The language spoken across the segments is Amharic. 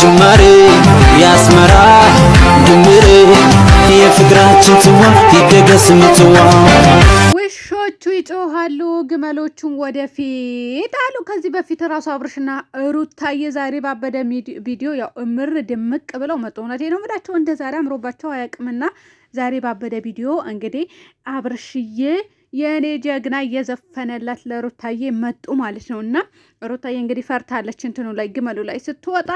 ጅማሬ የአስመራ ድምሬ የፍቅራችን ትዋ ይደገስ ምትዋ ውሾቹ ይጮሃሉ፣ ግመሎቹን ወደፊት አሉ። ከዚህ በፊት ራሱ አብርሽና ሩታዬ ዛሬ ባበደ ቪዲዮ ያው እምር ድምቅ ብለው መጡ። እውነቴ ነው የምላቸው እንደ ዛሬ አምሮባቸው አያውቅምና ዛሬ ባበደ ቪዲዮ እንግዲህ አብርሽዬ የእኔ ጀግና እየዘፈነላት ለሩታዬ መጡ ማለት ነው። እና ሩታዬ እንግዲህ ፈርታለች እንትኑ ላይ ግመሉ ላይ ስትወጣ።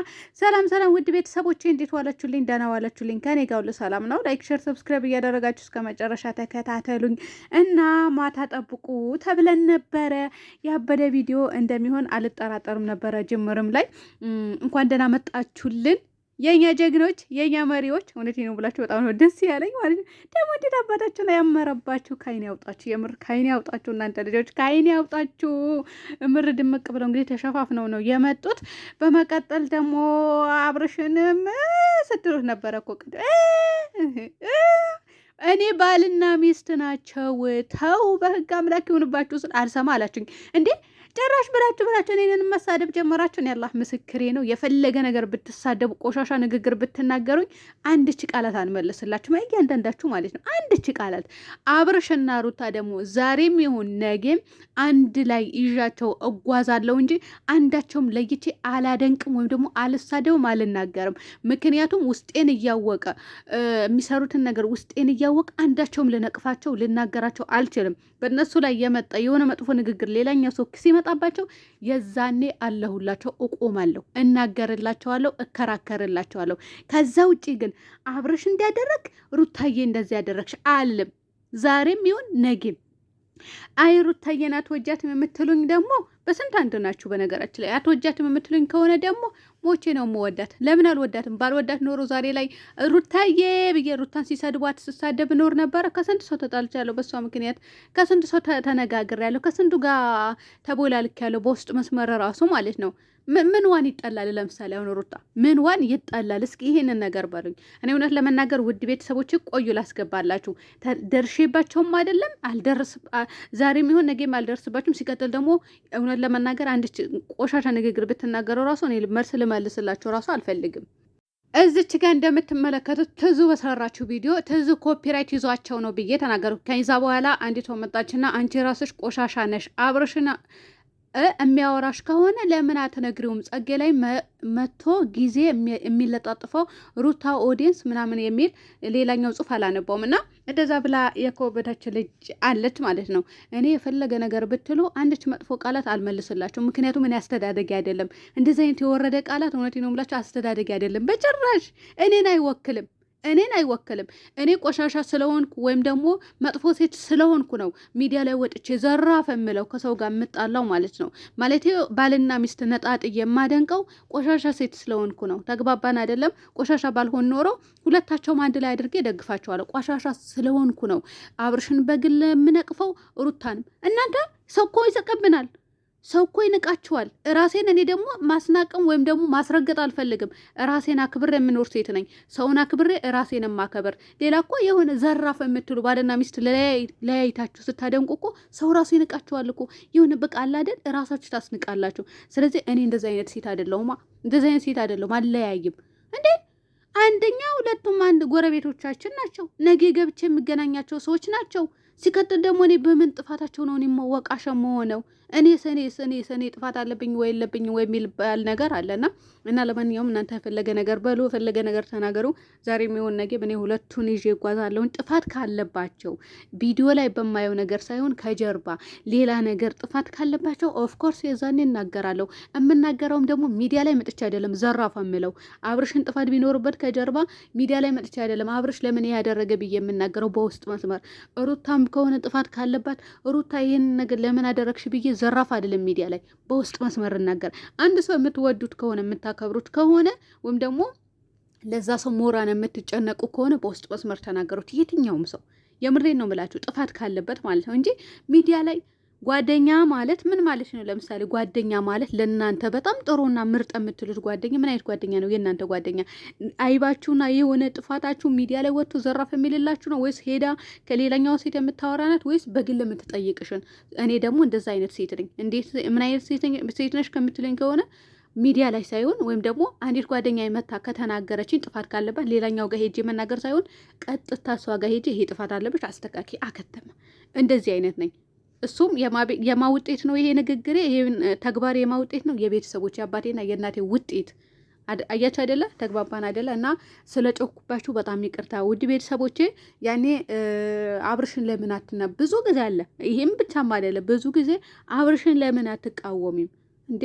ሰላም ሰላም፣ ውድ ቤተሰቦቼ እንዴት ዋላችሁልኝ? ደህና ዋላችሁልኝ? ከኔ ጋር ሁሉ ሰላም ነው። ላይክ፣ ሼር፣ ሰብስክራይብ እያደረጋችሁ እስከ መጨረሻ ተከታተሉኝ እና ማታ ጠብቁ ተብለን ነበረ። ያበደ ቪዲዮ እንደሚሆን አልጠራጠርም ነበረ ጅምርም ላይ እንኳን ደህና መጣችሁልን የእኛ ጀግኖች የእኛ መሪዎች እውነቴ ነው ብላችሁ በጣም ነው ደስ ያለኝ ማለት ነው። ደግሞ እንዴት አባታችሁ ላይ ያመረባችሁ ከአይን ያውጣችሁ፣ የምር ከአይን ያውጣችሁ፣ እናንተ ልጆች ከአይን ያውጣችሁ። ምር ድምቅ ብለው እንግዲህ ተሸፋፍነው ነው የመጡት። በመቀጠል ደግሞ አብርሽንም ስትሉት ነበረ እኮ እኔ ባልና ሚስት ናቸው። ተው በህግ አምላክ ይሁንባችሁ ስል አልሰማ አላችሁኝ እንዴ ጭራሽ ብላችሁ ብላችሁ እኔን መሳደብ ጀመራችሁ። ያላህ ምስክሬ ነው። የፈለገ ነገር ብትሳደቡ፣ ቆሻሻ ንግግር ብትናገሩኝ አንድች ቃላት አንመልስላችሁም። እያንዳንዳችሁ ማለት ነው አንድች ቃላት። አብርሽና ሩታ ደግሞ ዛሬም ይሁን ነገም አንድ ላይ ይዣቸው እጓዛለሁ እንጂ አንዳቸውም ለይቼ አላደንቅም ወይም ደግሞ አልሳደብም፣ አልናገርም። ምክንያቱም ውስጤን እያወቀ የሚሰሩትን ነገር ውስጤን እያወቀ አንዳቸውም ልነቅፋቸው ልናገራቸው አልችልም። በእነሱ ላይ የመጣ የሆነ መጥፎ ንግግር ሌላኛው ሰው ሲመ ሲመጣባቸው የዛኔ አለሁላቸው፣ እቆማለሁ፣ እናገርላቸዋለሁ፣ እከራከርላቸዋለሁ። ከዛ ውጭ ግን አብረሽ እንዲያደረግ ሩታዬ እንደዚህ ያደረግሽ አልም ዛሬም ይሁን ነጌም አይ ሩታዬ ናት የምትሉኝ ደግሞ በስንት አንድ ናችሁ። በነገራችን ላይ አትወጃትም የምትሉኝ ከሆነ ደግሞ ሞቼ ነው መወዳት ለምን አልወዳትም? ባልወዳት ኖሮ ዛሬ ላይ ሩታዬ ብዬ ሩታን ሲሰድቧት ስሳደብ ኖር ነበረ። ከስንት ሰው ተጣልቻለሁ በእሷ ምክንያት፣ ከስንት ሰው ተነጋግሬያለሁ፣ ከስንቱ ጋር ያለው በውስጥ መስመር ራሱ ማለት ነው። ምን ዋን ይጠላል? ለምሳሌ አሁን ሩታ ምን ዋን ይጠላል? እስኪ ይሄንን ነገር በሉኝ። እኔ እውነት ለመናገር ውድ ቤተሰቦች ቆዩ ላስገባላችሁ። ደርሼባቸውም አይደለም አልደርስ፣ ዛሬም ይሁን ነገም አልደርስባችሁም። ሲቀጥል ደግሞ እውነት ለመናገር አንድ ቆሻሻ ንግግር ብትናገረው ራሱ እኔ መልስ ልመልስላቸው ራሱ አልፈልግም። እዚች ጋር እንደምትመለከቱት ትዙ በሰራችው ቪዲዮ ትዙ ኮፒራይት ይዟቸው ነው ብዬ ተናገርኩ። ከዛ በኋላ አንዲት መጣችና አንቺ ራስሽ ቆሻሻ ነሽ አብረሽና የሚያወራሽ ከሆነ ለምን አትነግሪውም? ጸጌ ላይ መቶ ጊዜ የሚለጣጥፈው ሩታ ኦዲየንስ ምናምን የሚል ሌላኛው ጽሁፍ አላነባውም እና እንደዛ ብላ የኮበደች ልጅ አለች ማለት ነው። እኔ የፈለገ ነገር ብትሉ አንድች መጥፎ ቃላት አልመልስላቸው። ምክንያቱም እኔ አስተዳደጌ አይደለም እንደዚህ አይነት የወረደ ቃላት እውነት ነው ብላቸው አስተዳደጌ አይደለም በጭራሽ እኔን አይወክልም። እኔን አይወክልም። እኔ ቆሻሻ ስለሆንኩ ወይም ደግሞ መጥፎ ሴት ስለሆንኩ ነው ሚዲያ ላይ ወጥቼ ዘራፍ የምለው ከሰው ጋር የምጣላው ማለት ነው። ማለቴ ባልና ሚስት ነጣጥዬ የማደንቀው ቆሻሻ ሴት ስለሆንኩ ነው። ተግባባን አይደለም? ቆሻሻ ባልሆን ኖሮ ሁለታቸውም አንድ ላይ አድርጌ ደግፋቸዋለሁ። ቆሻሻ ስለሆንኩ ነው አብርሽን በግል የምነቅፈው ሩታንም። እናንተ ሰው እኮ ይሰቀብናል። ሰው እኮ ይንቃችኋል። ራሴን እኔ ደግሞ ማስናቅም ወይም ደግሞ ማስረገጥ አልፈልግም። ራሴን አክብሬ የምኖር ሴት ነኝ። ሰውን አክብሬ ራሴን ማከበር ሌላ እኮ የሆነ ዘራፍ የምትሉ ባልና ሚስት ለያይታችሁ ስታደንቁ እኮ ሰው ራሱ ይንቃችኋል እኮ የሆነ በቃ አላደል ራሳችሁ ታስንቃላችሁ። ስለዚህ እኔ እንደዚ አይነት ሴት አደለሁማ፣ እንደዚ አይነት ሴት አደለሁም። አለያይም እንዴ አንደኛ ሁለቱም አንድ ጎረቤቶቻችን ናቸው። ነገ ገብቼ የምገናኛቸው ሰዎች ናቸው። ሲቀጥል ደግሞ እኔ በምን ጥፋታቸው ነው እኔ መሆነው እኔ ሰኔ ሰኔ ሰኔ ጥፋት አለብኝ ወይ የለብኝ ወይ የሚባል ነገር አለና እና ለማንኛውም እናንተ የፈለገ ነገር በሉ የፈለገ ነገር ተናገሩ። ዛሬ የሚሆን ነገ እኔ ሁለቱን ይዤ እጓዛለሁኝ። ጥፋት ካለባቸው ቪዲዮ ላይ በማየው ነገር ሳይሆን ከጀርባ ሌላ ነገር ጥፋት ካለባቸው ኦፍኮርስ የዛኔ እናገራለሁ። የምናገረውም ደግሞ ሚዲያ ላይ መጥቼ አይደለም ዘራፋ የምለው አብርሽን ጥፋት ቢኖርበት ከጀርባ ሚዲያ ላይ መጥቼ አይደለም አብርሽ ለምን ያደረገ ብዬ የምናገረው በውስጥ መስመር ሩታም ከሆነ ጥፋት ካለባት ሩታ ይህን ነገር ለምን አደረግሽ ብዬ ዘራፍ አይደለም ሚዲያ ላይ በውስጥ መስመር እናገር። አንድ ሰው የምትወዱት ከሆነ የምታከብሩት ከሆነ ወይም ደግሞ ለዛ ሰው ሞራን የምትጨነቁ ከሆነ በውስጥ መስመር ተናገሩት። የትኛውም ሰው የምሬን ነው የምላችሁ ጥፋት ካለበት ማለት ነው እንጂ ሚዲያ ላይ ጓደኛ ማለት ምን ማለት ነው? ለምሳሌ ጓደኛ ማለት ለእናንተ በጣም ጥሩና ምርጥ የምትሉት ጓደኛ ምን አይነት ጓደኛ ነው? የእናንተ ጓደኛ አይባችሁና የሆነ ጥፋታችሁ ሚዲያ ላይ ወጥቶ ዘራፍ የሚልላችሁ ነው ወይስ ሄዳ ከሌላኛው ሴት የምታወራናት ወይስ በግል የምትጠይቅሽን? እኔ ደግሞ እንደዛ አይነት ሴት ነኝ። እንዴት ምን አይነት ሴት ነሽ ከምትለኝ ከሆነ ሚዲያ ላይ ሳይሆን ወይም ደግሞ አንዲት ጓደኛ የመታ ከተናገረችኝ ጥፋት ካለባት ሌላኛው ጋር ሄጄ መናገር ሳይሆን ቀጥታ እሷ ጋር ሄጄ ይሄ ጥፋት አለበች አስተካኪ አከተመ። እንደዚህ አይነት ነኝ። እሱም የማ ውጤት ነው ይሄ ንግግሬ፣ ይሄን ተግባር የማ ውጤት ነው የቤተሰቦች የአባቴና የእናቴ ውጤት አያቸው አይደለ? ተግባባን አይደለ? እና ስለ ጮኩባችሁ በጣም ይቅርታ ውድ ቤተሰቦቼ። ያኔ አብርሽን ለምን አትና ብዙ ጊዜ አለ ይሄም ብቻም አይደለ፣ ብዙ ጊዜ አብርሽን ለምን አትቃወሚም እንዴ?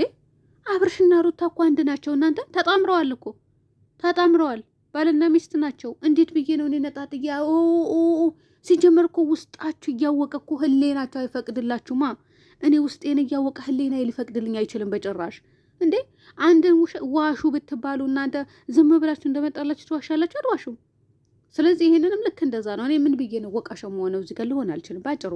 አብርሽና ሩታ እኮ አንድ ናቸው። እናንተ ተጣምረዋል እኮ ተጣምረዋል፣ ባልና ሚስት ናቸው። እንዴት ብዬ ነው እኔ ነጣጥያ ሲጀመር እኮ ውስጣችሁ እያወቀ እኮ ህሌናችሁ አይፈቅድላችሁማ። እኔ ውስጤን እያወቀ ህሌና ሊፈቅድልኝ አይችልም በጭራሽ። እንዴ አንድን ዋሹ ብትባሉ እናንተ ዝም ብላችሁ እንደመጣላችሁ ትዋሻላችሁ፣ አልዋሹም። ስለዚህ ይሄንንም ልክ እንደዛ ነው። እኔ ምን ብዬ ነው ወቃሽ መሆነው? እዚህ ጋር ልሆን አልችልም። ባጭሩ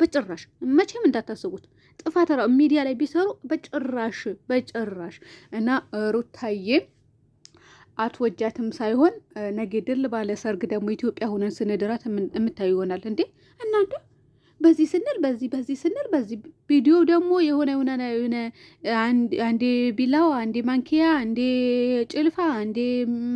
በጭራሽ መቼም እንዳታስቡት። ጥፋት ሚዲያ ላይ ቢሰሩ በጭራሽ በጭራሽ። እና ሩታዬ አትወጃትም ሳይሆን ነገ ድል ባለ ሰርግ ደግሞ ኢትዮጵያ ሆነን ስንድራት የምታዩ ይሆናል እንዴ እናንተ በዚህ ስንል በዚህ በዚህ ስንል በዚህ ቪዲዮ ደግሞ የሆነ የሆነ አንዴ ቢላዋ፣ አንዴ ማንኪያ፣ አንዴ ጭልፋ፣ አንዴ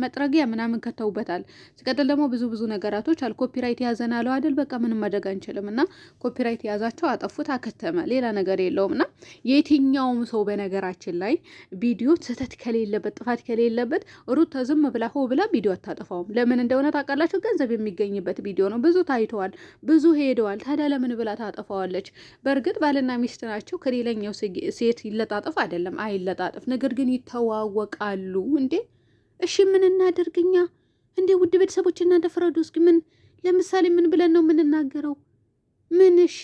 መጥረጊያ ምናምን ከተውበታል። ሲቀጥል ደግሞ ብዙ ብዙ ነገራቶች አል ኮፒራይት ያዘን አለው አይደል? በቃ ምንም ማድረግ አንችልም። እና ኮፒራይት የያዛቸው አጠፉት፣ አከተመ፣ ሌላ ነገር የለውም። እና የትኛውም ሰው በነገራችን ላይ ቪዲዮ ስህተት ከሌለበት ጥፋት ከሌለበት ሩት ዝም ብላ ሆ ብላ ቪዲዮ አታጠፋውም። ለምን እንደሆነ ታውቃላችሁ? ገንዘብ የሚገኝበት ቪዲዮ ነው። ብዙ ታይተዋል፣ ብዙ ሄደዋል። ታዲያ ለምን ምን ብላ ታጠፋዋለች? በእርግጥ ባልና ሚስት ናቸው። ከሌላኛው ሴት ይለጣጠፍ አይደለም አይለጣጠፍ፣ ነገር ግን ይተዋወቃሉ። እንዴ እሺ ምን እናደርግኛ? እንዴ ውድ ቤተሰቦች እናንተ ፍረዱ እስኪ። ምን ለምሳሌ ምን ብለን ነው የምንናገረው? ምን እሺ፣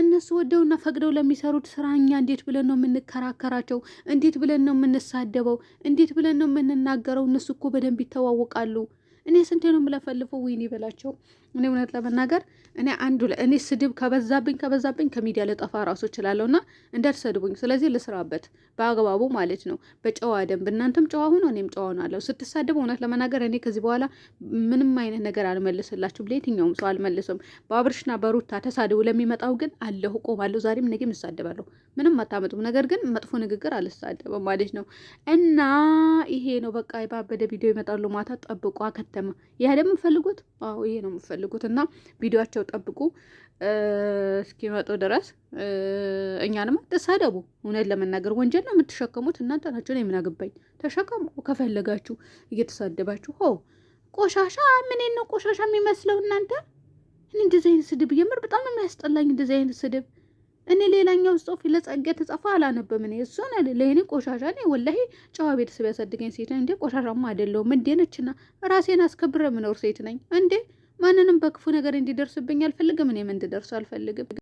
እነሱ ወደውና ፈቅደው ለሚሰሩት ስራ እኛ እንዴት ብለን ነው የምንከራከራቸው? እንዴት ብለን ነው የምንሳደበው? እንዴት ብለን ነው የምንናገረው? እነሱ እኮ በደንብ ይተዋወቃሉ። እኔ ስንቴ ነው የምለፈልፈው? ወይኔ በላቸው። እኔ እውነት ለመናገር እኔ አንዱ እኔ ስድብ ከበዛብኝ ከበዛብኝ ከሚዲያ ልጠፋ ራሱ እችላለሁና እንዳትሰድቡኝ። ስለዚህ ልስራበት በአግባቡ ማለት ነው፣ በጨዋ ደንብ። እናንተም ጨዋ ሁኑ፣ እኔም ጨዋ ሆናለሁ። ስትሳደቡ እውነት ለመናገር እኔ ከዚህ በኋላ ምንም አይነት ነገር አልመልስላችሁም፣ ለየትኛውም ሰው አልመልስም። በአብርሽና በሩታ ተሳድቡ፣ ለሚመጣው ግን አለሁ፣ ቆማለሁ። ዛሬም ነገም እሳደባለሁ፣ ምንም አታመጡም። ነገር ግን መጥፎ ንግግር አልሳደብም ማለት ነው። እና ይሄ ነው በቃ። የባበደ ቪዲዮ ይመጣሉ ማታ፣ ጠብቆ አከተመ። ይህ ደግሞ ፈልጎት ይሄ ነው። የምትፈልጉት እና ቪዲዮቸው ጠብቁ እስኪመጡ ድረስ እኛንም አትሳደቡ። እውነት ለመናገር ወንጀል ነው የምትሸከሙት እናንተ ናቸው። ነው የምናገባኝ ተሸከሙ ከፈለጋችሁ እየተሳደባችሁ ሆ ቆሻሻ ምን ነው ቆሻሻ የሚመስለው እናንተ። እኔ እንደዚህ አይነት ስድብ እየምር በጣም ነው የሚያስጠላኝ። እንደዚህ አይነት ስድብ እኔ ሌላኛው ጽሁፍ ለጸጋ የተጻፈ አላነበም። እኔ እሱን ለእኔ ቆሻሻ እኔ ወላሂ ጨዋ ቤተሰብ ያሳድገኝ ሴት ነኝ እንዴ። ቆሻሻማ አይደለሁም እንዴ ነችና ራሴን አስከብረ ምኖር ሴት ነኝ እንዴ ማንንም በክፉ ነገር እንዲደርሱብኝ አልፈልግም። እኔም እንድደርሱ አልፈልግም።